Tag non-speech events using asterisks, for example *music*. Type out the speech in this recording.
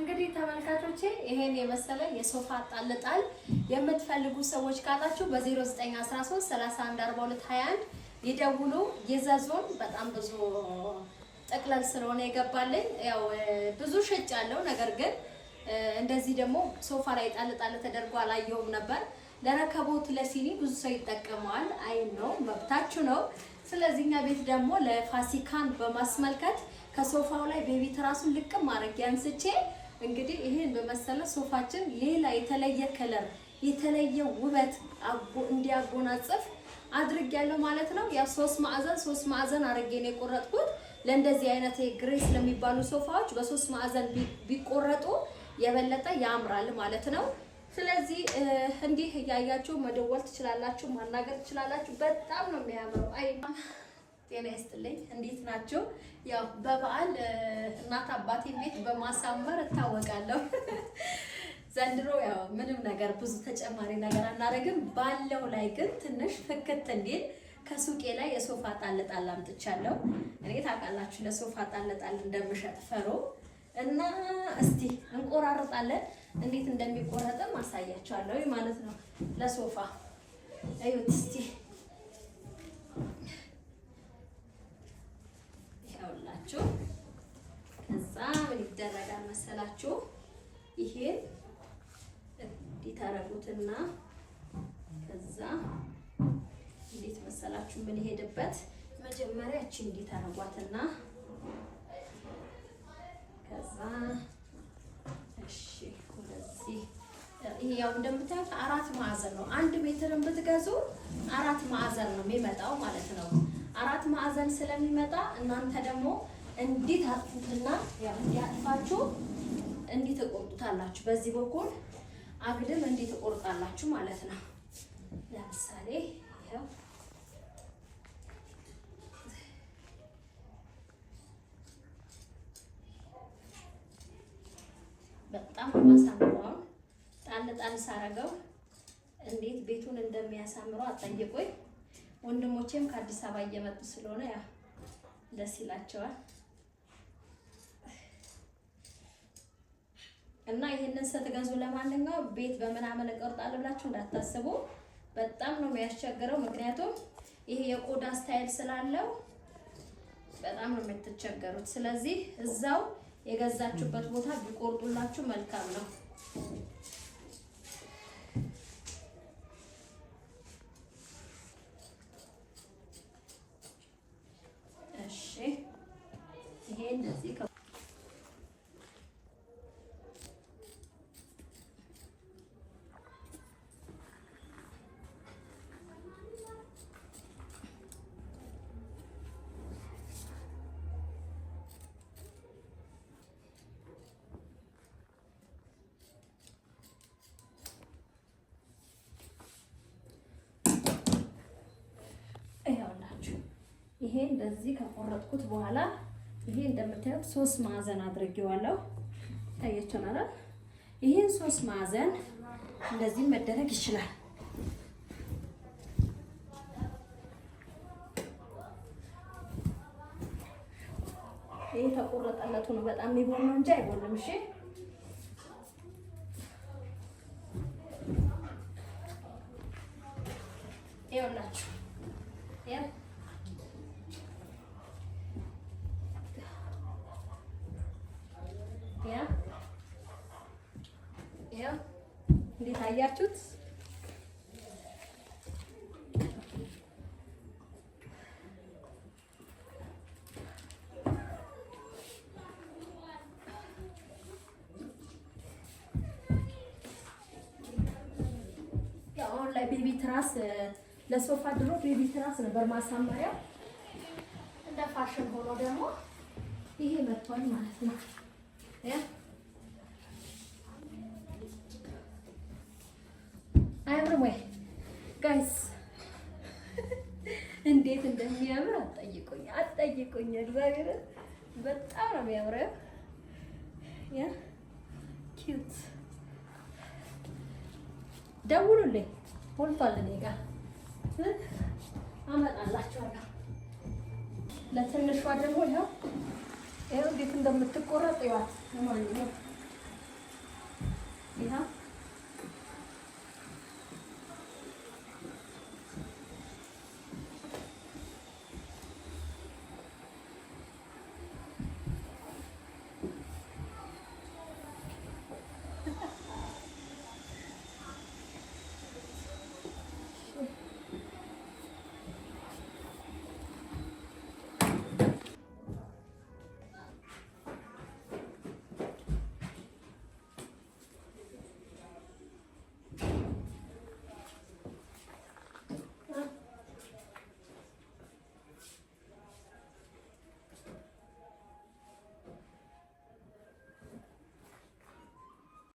እንግዲህ ተመልካቾቼ ይሄን የመሰለ የሶፋ ጣል የምትፈልጉ ሰዎች ካላችሁ በ0913 31 42 21 ይደውሉ፣ ይዘዙን። በጣም ብዙ ጠቅለል ስለሆነ የገባልኝ ያው ብዙ ሸጭ ያለው ነገር ግን እንደዚህ ደግሞ ሶፋ ላይ ጣል ጣል ተደርጎ አላየሁም ነበር። ለረከቦት ለሲኒ ብዙ ሰው ይጠቀመዋል። አይ ነው መብታችሁ ነው። ስለዚህ እኛ ቤት ደግሞ ለፋሲካን በማስመልከት ከሶፋው ላይ ቤቢ ትራሱን ልቅም ማድረግ ያንስቼ እንግዲህ ይሄን በመሰለ ሶፋችን ሌላ የተለየ ከለር የተለየ ውበት እንዲያጎናጽፍ ያለው ማለት ነው። ያ ሶስት ማዕዘን ሶስት ማዕዘን አድርጌ ነው የቆረጥኩት። ለእንደዚህ አይነት ግሬስ ለሚባሉ ሶፋዎች በሶስት ማዕዘን ቢቆረጡ የበለጠ ያምራል ማለት ነው። ስለዚህ እንዲህ እያያችሁ መደወል ትችላላችሁ፣ ማናገር ትችላላችሁ። በጣም ነው የሚያምረው። አይ ጤና ይስጥልኝ፣ እንዴት ናቸው? ያው በበዓል እናት አባቴን ቤት በማሳመር እታወቃለሁ። *laughs* ዘንድሮ ያው ምንም ነገር ብዙ ተጨማሪ ነገር አናደርግም። ባለው ላይ ግን ትንሽ ፍክት እንዲል ከሱቄ ላይ የሶፋ ጣል ጣል አምጥቻለሁ። እኔ ታውቃላችሁ ለሶፋ ጣል ጣል እንደምሸጥ ፈሮ እና እስቲ እንቆራርጣለን። እንዴት እንደሚቆረጥም አሳያቸዋለሁ ማለት ነው። ለሶፋ እዩት እስቲ ይኸውላችሁ። ከዛ ምን ይደረጋል መሰላችሁ? ይሄ እንዲታረጉትና ከዛ እንዴት መሰላችሁ ምን ይሄድበት መጀመሪያ እቺ እንዲታረጓትና ከዛ እሺ እንደዚህ ይሄ ያው እንደምታዩት አራት ማዕዘን ነው። አንድ ሜትርን ብትገዙ አራት ማዕዘን ነው የሚመጣው ማለት ነው። አራት ማዕዘን ስለሚመጣ እናንተ ደግሞ እንዲህ ታጥፉትና ያው እንዲህ አጥፋችሁ ትቆርጡታላችሁ። በዚህ በኩል አግድም እንዲት ትቆርጣላችሁ ማለት ነው። ለምሳሌ በጣም ማሳምረው ጣል ጣል ሳረገው እንዴት ቤቱን እንደሚያሳምረው አጠይቆኝ። ወንድሞቼም ከአዲስ አበባ እየመጡ ስለሆነ ያ ደስ ይላቸዋል እና ይህንን ስትገዙ ለማንኛውም ቤት በምናምን እቆርጣለሁ ብላችሁ እንዳታስቡ። በጣም ነው የሚያስቸግረው። ምክንያቱም ይሄ የቆዳ ስታይል ስላለው በጣም ነው የምትቸገሩት። ስለዚህ እዛው የገዛችሁበት ቦታ ቢቆርጡላችሁ መልካም ነው። እሺ ይሄ እንደዚህ ይሄ እንደዚህ ከቆረጥኩት በኋላ ይሄ እንደምታዩት ሶስት ማዕዘን አድርጌዋለሁ። ታየችኋል። ይሄን ሶስት ማዕዘን እንደዚህ መደረግ ይችላል። ይሄ ተቆረጠለቱ ነው። በጣም ነው እንጂ አይቦንም። እሺ ይኸውላችሁ አያችሁት? አሁን ላይ ቤቢ ትራስ ለሶፋ ድሮ ቤቢ ትራስ ነበር ማሳመሪያ፣ እንደ ፋሽን ሆኖ ደግሞ ይሄ መጥቷል ማለት ነው። ጠይቁኝ። እግዚአብሔር በጣም ነው የሚያምረው። ያ ኪዩት ደውሉልኝ፣ ሞልቷል። እኔ ጋር አመጣላችኋለሁ። ለትንሿ ደግሞ ይኸው እንዴት እንደምትቆረጥ ይዋል ይኸው